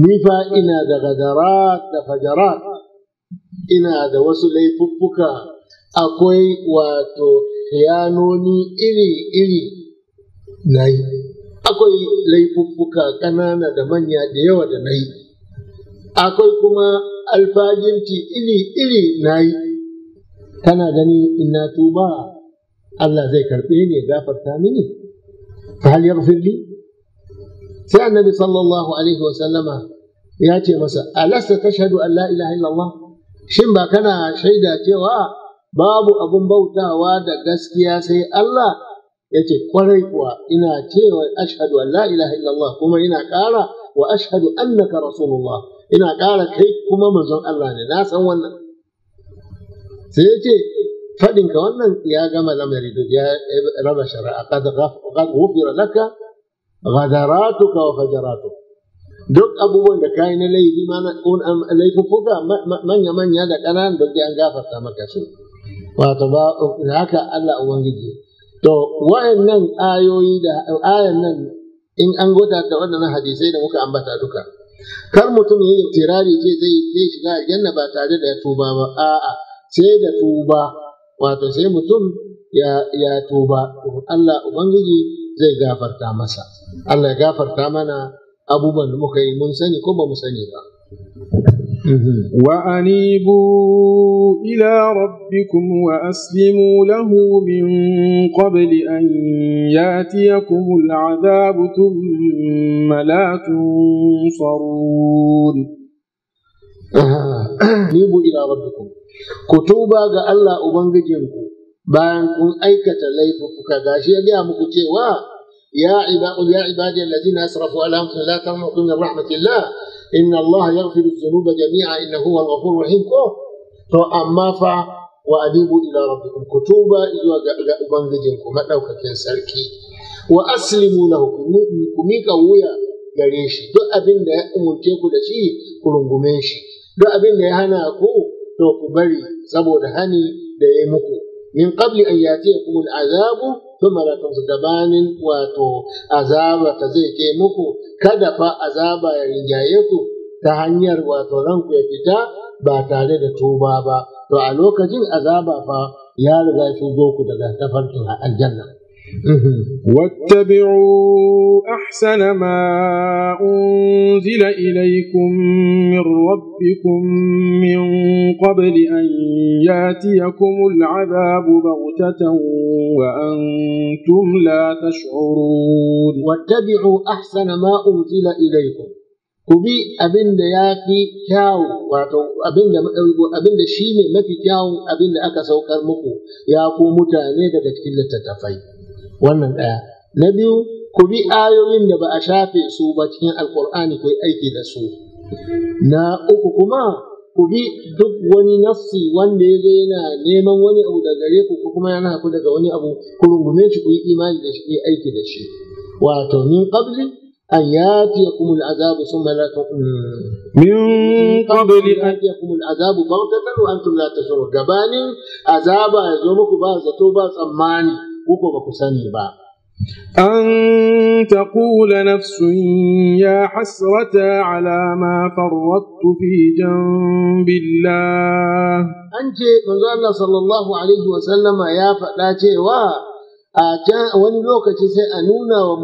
ni fa ina da gadarat da fajarat ina da wasu laifuffuka akwai wato yanoni iri-iri na yi akwai laifuffuka ƙanana da manya da yawa da na yi akwai kuma alfajinci iri-iri na yi kana gani in tuba Allah zai karɓe ni ya gafarta mini fa hal yaghfir sai annabi sallallahu alaihi wa sallama ya ce masa alasta ta an la ilaha illallah shin ba kana shaida cewa babu abun bautawa da gaskiya sai Allah ya ce kwarai kuwa ina cewa ashadu an ilaha illallah kuma ina ƙara wa ashadu annaka rasulullah ina ƙara kai kuma manzon Allah ne na san wannan sai ya ce faɗinka wannan ya gama lamari duk ya raba shari'a qad ghufira laka ghadaratuka wa fajaratuka duk abubuwan da kayi na laifi ma na laifuffuka manya manya da ƙananan duk an gafarta maka su wato ba haka Allah ubangiji to wayannan ayoyi da ayannan nan in an gota da wannan hadisai da muka ambata duka kar mutum ya yi tirari ce zai shiga aljanna ba tare da tuba ba a'a sai da tuba wato sai mutum ya tuba Allah ubangiji zai gafarta masa Allah ya gafarta mana abubuwan da muka yi mun sani ko ba mu sani ba وأنيبوا إلى ربكم وأسلموا له من قبل أن ياتيكم العذاب ثم لا تنصرون أنيبوا إلى ربكم كتوبا قال الله أبنجيكم bayan kun aikata laifuka gashi ya gaya muku يا عباد يا عبادي الذين اسرفوا على انفسهم لا تقنطوا من رحمه الله ان الله يغفر الذنوب جميعا انه هو الغفور الرحيم فاما فا وانيبوا الى ربكم كتوبا ايوا ابنجيكم ما دوكين سركي واسلموا له كميكا ويا gareshi duk abin da ya umurce ku da shi ku rungume shi duk abin da ya hana ku to ku bari saboda hani da ya muku min qabli an yatiyakum al'azabu tumratun gabanin wato azaba ta zai ke muku kada fa azaba ya rinjaye ku ta hanyar wato ranku ya fita ba tare da tuba ba to a lokacin azaba fa ya riga shigo ku daga tafarkin aljanna واتبعوا أحسن ما أنزل إليكم من ربكم من قبل أن ياتيكم العذاب بغتة وأنتم لا تشعرون واتبعوا أحسن ما أنزل إليكم كبي أبن ياكي كاو واتو أبن أبن شيني ما في كاو أبن سوكر مكو ياكو متانيكا تكتلة تتفيد wannan ɗaya na biyu ku bi ayoyin da ba a shafe su ba cikin alkur'ani ku yi aiki da su na uku kuma ku bi duk wani nafsi wanda ya zo yana neman wani abu da gare ku ko kuma yana ku daga wani abu ku rungume shi ku yi imani da shi ku yi aiki da shi wato min qabli أن يأتيكم العذاب ثم لا من قبل أن يأتيكم ta بغتة antum la تشعرون gabanin azaba ya zo muku ba zato ba tsammani kuko ba sani ba. An ta kula nafsun ya hasrata ala ma farwattu fi jambillah. An ce, Manzo sallallahu Alaihi wasallama ya faɗa cewa a can wani lokaci sai a nuna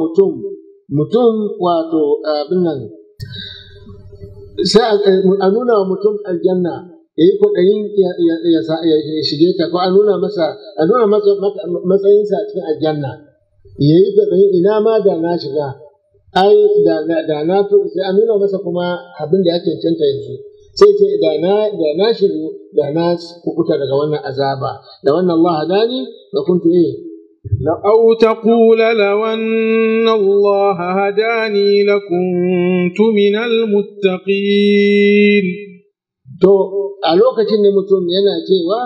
sai a nuna wa mutum aljanna. ya yi kwaɗayin ya shige ta ko a nuna masa a nuna matsayinsa a cikin aljanna ya yi kwaɗayin ina ma da na shiga ai da na fi sai a nuna masa kuma abin da ya cancanta yanzu sai ce da na da na shiru da na kukuta daga wannan azaba da wannan Allah hadani da kuntu eh أو تقول لو أن الله هداني لكنت من المتقين. a lokacin da mutum yana cewa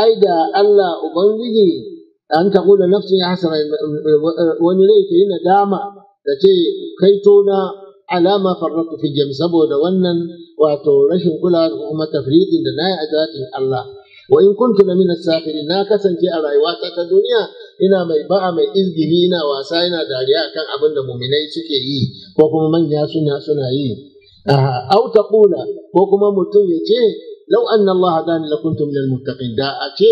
ai da Allah ubangiji an ta da nafsin ya hasara wani rai ta yi nadama da ce kai tona alama farratu fi jam saboda wannan wato rashin kula da kuma tafriqin da nayi a zatin Allah wa in kuntu la min as-safirin na kasance a rayuwa ta duniya ina mai ba'a mai izgili ina wasa ina dariya akan abin da muminai suke yi ko kuma manya suna suna yi au taqula ko kuma mutum ya ce lau anna Allah hadani lakuntu minal muttaqin da a ce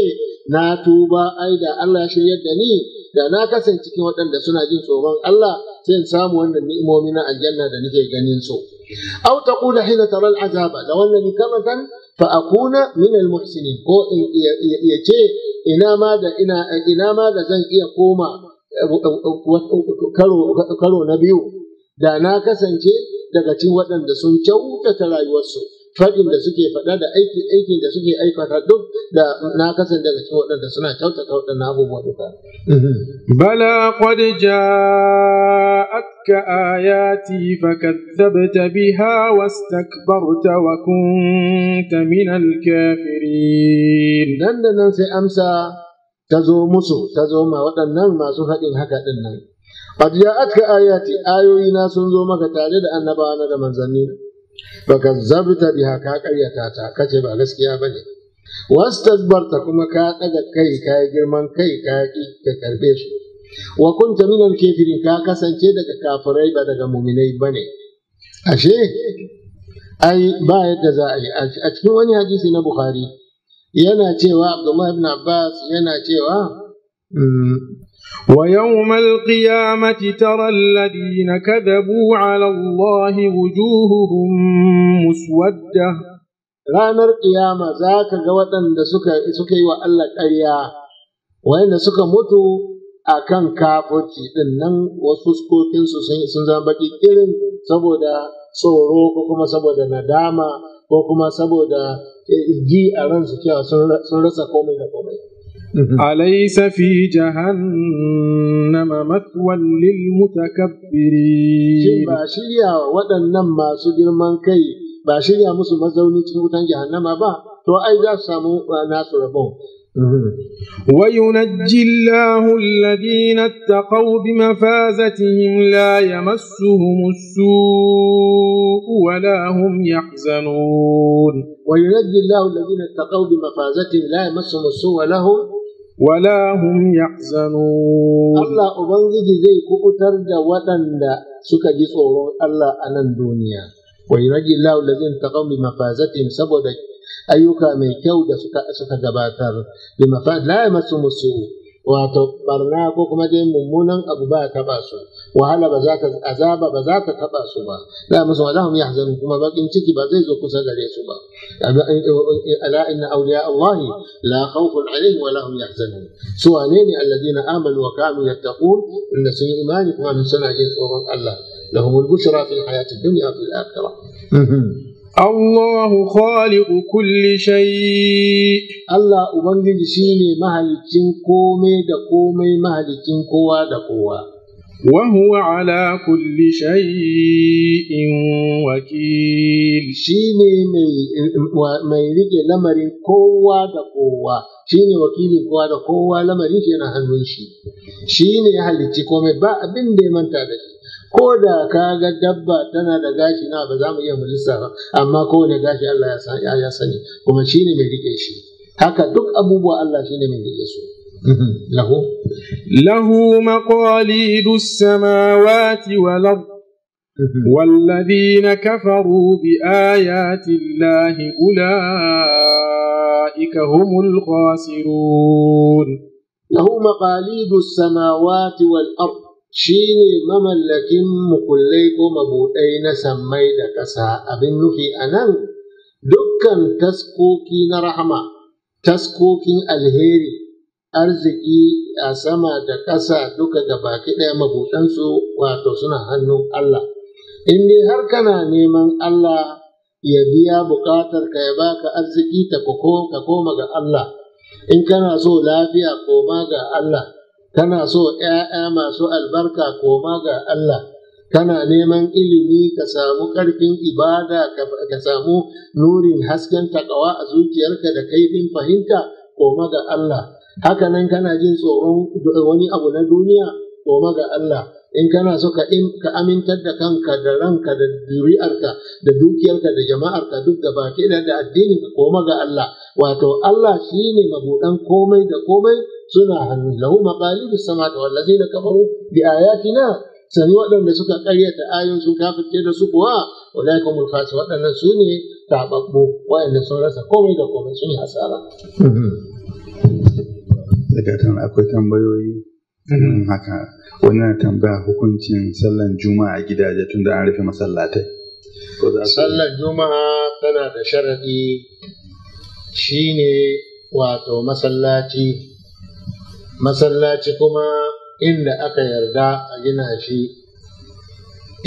na tuba ai da Allah ya shiryar da ni da na kasance cikin waɗanda suna jin tsoron Allah sai in samu wannan ni'imomi na aljanna da nake ganin su aw taqula hina tara al'azaba law annani kamatan fa akuna min almuhsinin ko in ya ina ma da zan iya koma karo na biyu da na kasance daga ci waɗanda sun kyautata rayuwarsu faɗin da suke faɗa da aiki aikin da suke aikata duk da na kasance daga cikin waɗanda suna kyautata waɗannan abubuwa duka. Bala qad ja'atka ayati fakadzabta biha wastakbarta wa kunta minal kafirin. Dan da nan sai amsa ta zo musu ta zo ma waɗannan masu haɗin haka ɗin nan. Qad ja'atka ayati ayoyina sun zo maka tare da annabawa da manzanni. baka zabta biha ka karyata ta kace ba gaskiya bane wastakbarta kuma ka daga kai ka yi girman kai ka ki ka karbe su wa kunta min ka kasance daga kafirai ba daga muminai bane ashe ai ba yadda za a yi a cikin wani hadisi na bukhari yana cewa abdullahi ibn abbas yana cewa ويوم القيامة ترى الذين كذبوا على الله وجوههم مسودة ranar ƙiyama za ka ga waɗanda suka yi wa Allah ƙarya wayanda suka mutu a kan kafurci ɗin nan wasu fuskokinsu sun zama baƙi ƙirin saboda tsoro ko kuma saboda nadama ko kuma saboda ji a ransu cewa sun rasa komai da komai أليس في جهنم مثوى للمتكبرين باشيا ودن نما سجر من كي باشيا مسلم زوني cikin جهنم jahannama تو أيضا ai za ربو وينجي الله الذين اتقوا بمفازتهم لا يمسهم السوء ولا هم يحزنون وينجي الله الذين اتقوا بمفازتهم لا يمسهم السوء ولا هم wala hum yahzanun Allah ubangiji zai kubutar da waɗanda suka ji tsoron Allah a nan duniya wa yuraji Allahu allazina taqaw bi mafazatin saboda ayyuka mai kyau da suka suka gabatar bi mafaz la yamassu musu wato barna ko kuma dai mummunan abu ba ta ba su wahala ba za ta azaba ba za ta taba su ba la musu wa lahum yahzanun kuma bakin ciki ba zai zo kusa gare su ba ala inna awliya allahi la khawfun alaihim wa lahum yahzanun su wane ne alladina amanu wa kanu yattaqun inda sun yi imani kuma suna jin tsoron Allah lahumul bushra fil hayati dunya fil akhirah Allahu khaliqu kulli shay Allah ubangiji shine mahalicin komai da komai mahalicin kowa da kowa wa huwa ala kulli shay'in wakil shine mai mai rike lamarin kowa da kowa shine wakili kowa da kowa lamarin shi yana hannun shi shine ya halicci komai ba abin da ya manta da shi ko da ka ga dabba tana da gashi na ba za mu iya mu ba amma ko da gashi Allah ya san ya sani kuma shine mai rike shi haka duk abubuwa Allah shine mai rike su lahu له له مقاليد السماوات والأرض والذين كفروا بآيات الله أولئك هم الخاسرون له مقاليد السماوات والأرض shi ne mamallakin mukullai ko mabuɗai na sammai da ƙasa abin nufi a nan dukkan taskoki na rahama taskokin alheri arziki a sama da ƙasa duka ga baki ɗaya mabuɗansu wato suna hannun Allah in dai har kana neman Allah ya biya buƙatar ka ya baka arziki ta ka koma ga Allah in kana so lafiya koma ga Allah kana so ‘ya'ya masu albarka koma ga Allah, kana neman ilimi ka samu ƙarfin ibada ka samu nurin hasken takawa a zuciyarka da kaifin fahimta koma ga Allah. Hakanan kana jin tsoron wani abu na duniya koma ga Allah. In kana so ka amintar da kanka da ranka da juri'arka da dukiyarka da jama'arka duk da baki da addinin koma ga Allah. Wato Allah shi ne mabuɗan komai da komai suna hannun lahu maqalidu samawati wal ladina kafaru bi ayatina sani waɗanda suka ƙaryata ayoyin sun kafirce da su kuwa ulaikum al khasi waɗannan su ne tababbu wayanda sun rasa komai da komai sun yi hasara mhm. daga kan akwai tambayoyi mhm. hm, haka wannan tambaya hukuncin sallan juma'a a gidaje tun da an rufe masallatai sallan juma'a tana da sharadi shine wato masallaci masallaci kuma inda aka yarda a gina shi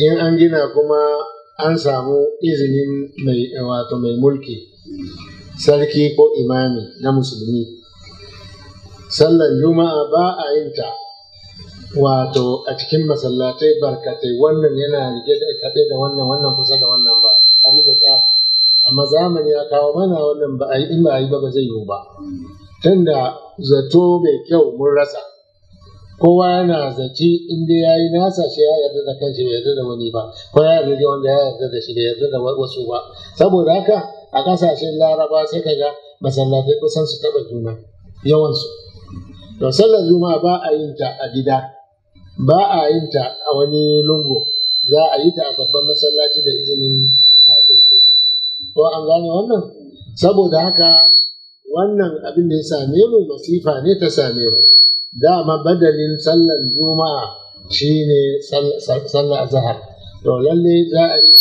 in an gina kuma an samu izinin mai wato mai mulki sarki ko imami na musulmi Sallar juma'a ba a yin ta wato a cikin masallatai barkatai wannan yana rike da kaɗe da wannan wannan kusa da wannan ba a bisa tsari amma zamani ya kawo mana wannan ba a yi in ba yi ba ba zai yiwu ba tunda zato mai kyau mun rasa kowa yana zaci inda ya yi nasa shi ya yarda da kanshi bai yarda da wani ba ko ya yarda da wanda ya yarda da shi bai yarda da wasu ba saboda haka a kasashen laraba sai ka ga masallatai kusan su taɓa juna yawansu to sallar juma'a ba a yin ta a gida ba a yin ta a wani lungu za a yi ta a babban masallaci da izinin masu ko an gane wannan saboda haka wannan abin da ya same mu masifa ne ta same mu dama badalin sallar juma'a shine sallar zahar. to lalle za a yi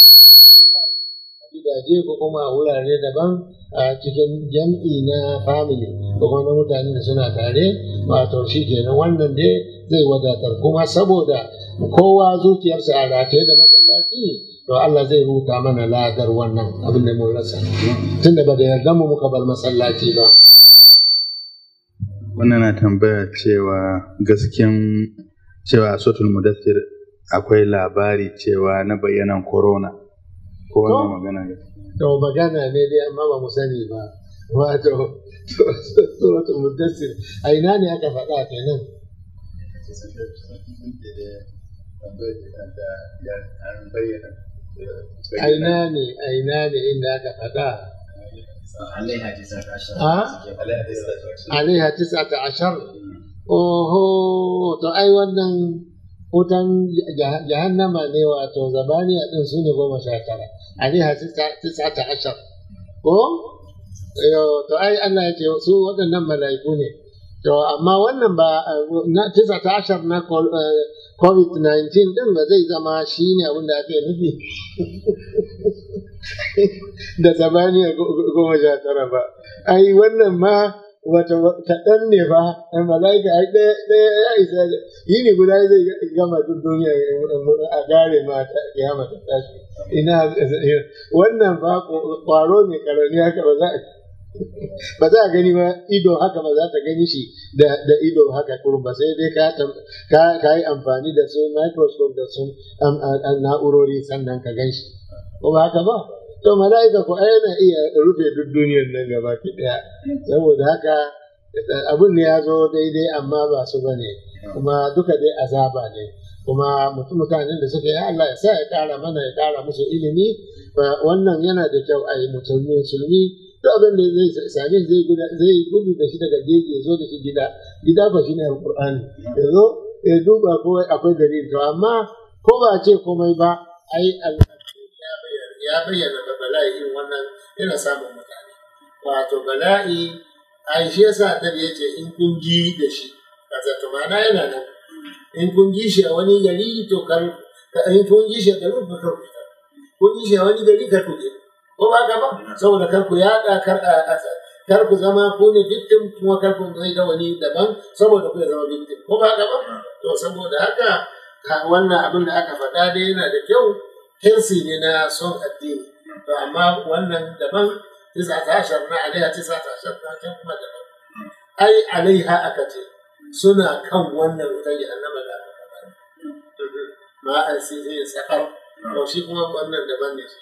gidaje ko kuma wurare daban a cikin jam'i na family ko kuma na mutane da suna tare wato shi kenan wannan dai zai wadatar kuma saboda kowa zuciyarsa a rataye da masallaci to Allah zai ruta mana ladar wannan abin da mun rasa tunda ba da yarda mu muka bar masallaci ba wannan na tambaya cewa gaskin cewa sotul mudaththir akwai labari cewa na bayanan corona ko wannan magana ne to magana ne dai amma ba mu sani ba wato sotul mudaththir a ina ne aka faɗa kenan aina eh, ne aina ne inda aka faɗa alaiha tisata ashar oho to ai wannan hutan jahannama ne wato zabaniya din su ne goma sha tara alaiha ta ashar ko to ai Allah ya ce su waɗannan mala'iku ne To, amma wannan ba eh, na tisa ta ashar na eh, COVID-19 ɗin ba zai zama shi ne abin da ake nufi da sabaniya goma sha tara ba. Ai, wannan ma wata kaɗan ne ba, ɗan mala'ika ai ɗaya ya isa yi ne guda zai gama duk duniya a gare ma ta kiyama ta tashi. Ina eh, wannan ba ƙwaro ne ƙarami haka ba za a ba za a gani ba ido haka ba za ta gani shi da ido haka kurum ba sai dai ka yi amfani da su microscope da su na'urori sannan ka gan shi ko ba haka ba to mala'ika ko ai yana iya rufe duk duniyar nan gaba ki daya saboda haka abun ne ya zo daidai amma ba su ba ne. kuma duka dai azaba ne kuma mutum mutanen da suka yi Allah ya sa ya kara mana ya kara musu ilimi wannan yana da kyau a yi musulmi duk abin da zai same zai gudu da shi daga jeji ya zo da shi gida gida ba shi ne alƙur'ani ya zo ya duba ko akwai dalil to amma ko ba ce komai ba ai ya bayyana da bala'i irin wannan yana samun mutane wato bala'i ai shi yasa annabi ya ce in kun ji da shi kaza to ma'ana yana nan in kun ji shi a wani gari to kar in kun ji shi a garin ka kun ji shi a wani gari ka tuke ko ba ka ba saboda kar ku yada kar kar ku zama ku ne victim kuma kar ku mai wani daban saboda ku zama victim ko ba ka ba to saboda haka wannan abin da aka faɗa dai yana da kyau hirsi ne na son addini to amma wannan daban tisa ta ashar na alaiha tisa ta ashar na kan kuma daban ai alaiha aka ce suna kan wannan wutar jahannama da aka faɗa ma an sai zai sakar to shi kuma wannan daban ne shi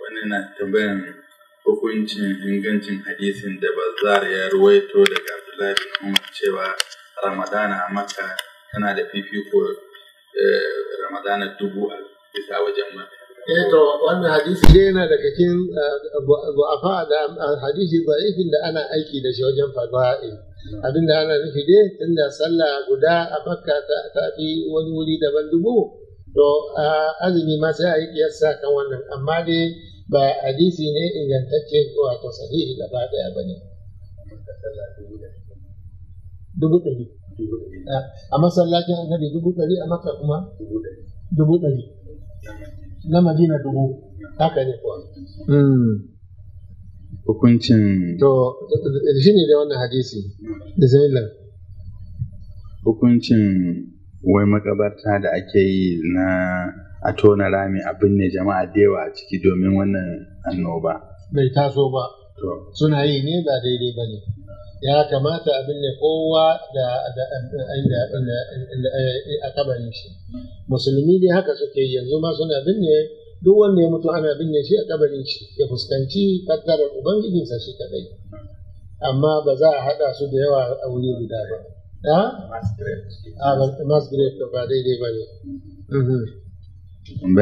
Wannan na tambayan hukuncin ingancin hadisin da bazar ya ruwaito daga Abdullahi bin Umar cewa Ramadana a Makka tana da fifiko eh, Ramadana dubu a bisa wajen Makka. Eh to wannan hadisi dai yana daga cikin bu'afa eh, da eh, hadisi da'ifin da ana aiki da shi wajen fada'il. Abinda ana nufi dai tunda sallah guda a Makka ta fi wani wuri daban dubu to azumi ma sai a yi kiyasa kan wannan amma dai ba hadisi ne ingantacce wato sahihi gaba daya ba ne dubu ɗari a masallacin annabi dubu ɗari a maka kuma dubu ɗari na madina dubu haka ne kuwa hmm. hukuncin to shi ne da wannan hadisi da hukuncin wai makabarta da ake yi na a tona rami a binne jama'a dewa a ciki domin wannan annoba. Bai taso ba. Suna yi ne ba daidai ba ne. Ya kamata a binne kowa da eh, a kabarin shi. Musulmi dai haka suke yanzu ma suna binne duk wanda ya mutu ana binne shi a kabarin shi ya fuskanci kaddarar ubangijinsa shi kadai. Amma ba za a haɗa su da yawa a wuri guda ba. mass ah, grave ba mhm. Allah hmm.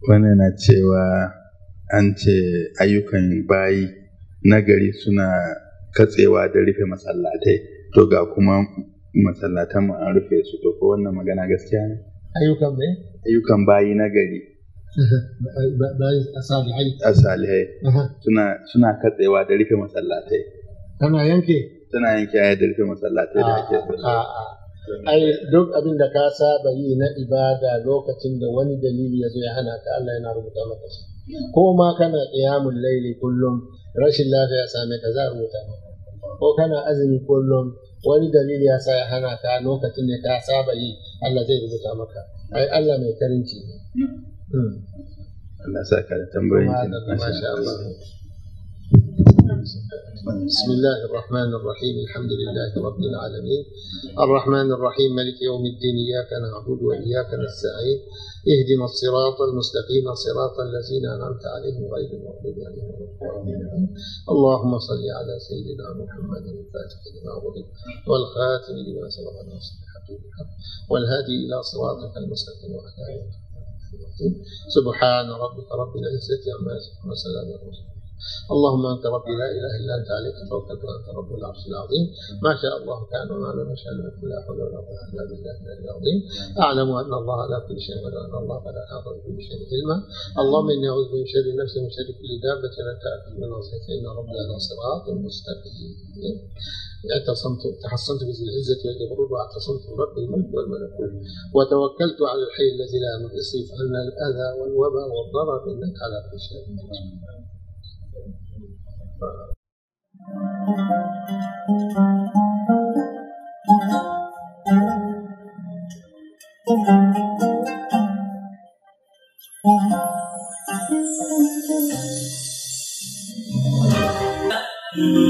wannan na cewa an ce ayyukan bayi nagari suna katsewa da rufe masallatai to ga kuma masallatan mu an rufe su to ko wannan magana gaskiya ne ayyukan ayyukan bayi nagari asalihai suna suna katsewa da rufe masallatai tana yanke tana yanke ya da rufe masallatai da ake ai duk abin da ka saba yi na ibada lokacin da wani dalili ya zo ya hana ka Allah yana rubuta maka shi ko ma kana qiyamul laili kullum rashin lafiya same ka za a rubuta maka ko kana azumi kullum wani dalili ya sa ya hana ka lokacin da ka saba yi Allah zai rubuta maka ai Allah mai karinci ne على التمرين ما شاء الله بسم الله الرحمن الرحيم الحمد لله رب العالمين الرحمن الرحيم ملك يوم الدين إياك نعبد وإياك نستعين اهدنا الصراط المستقيم صراط الذين أنعمت عليهم غير المغضوب عليهم اللهم صل على سيدنا محمد الفاتح لما غضب والخاتم لما سبق ناصر الحق والهادي إلى صراطك المستقيم وعلى سبحان ربك رب العزة عما يصفون وسلام على المرسلين اللهم انت ربي لا اله الا انت عليك توكلت وانت رب العرش العظيم ما شاء الله كان وما لم يشاء لم يكن لا حول ولا قوه الا بالله العلي العظيم اعلم ان الله على كل شيء قدير ان الله قد احاط بكل شيء علما اللهم اني اعوذ من شر نفسي ومن شر كل دابه لا تاكل من وصيت ان ربي على صراط مستقيم اعتصمت تحصنت بذي العزة والجبروت واعتصمت برب الملك والملكوت وتوكلت على الحي الذي لا يموت اصرف عنا الاذى والوبا والضرر انك على كل شيء قدير 啊。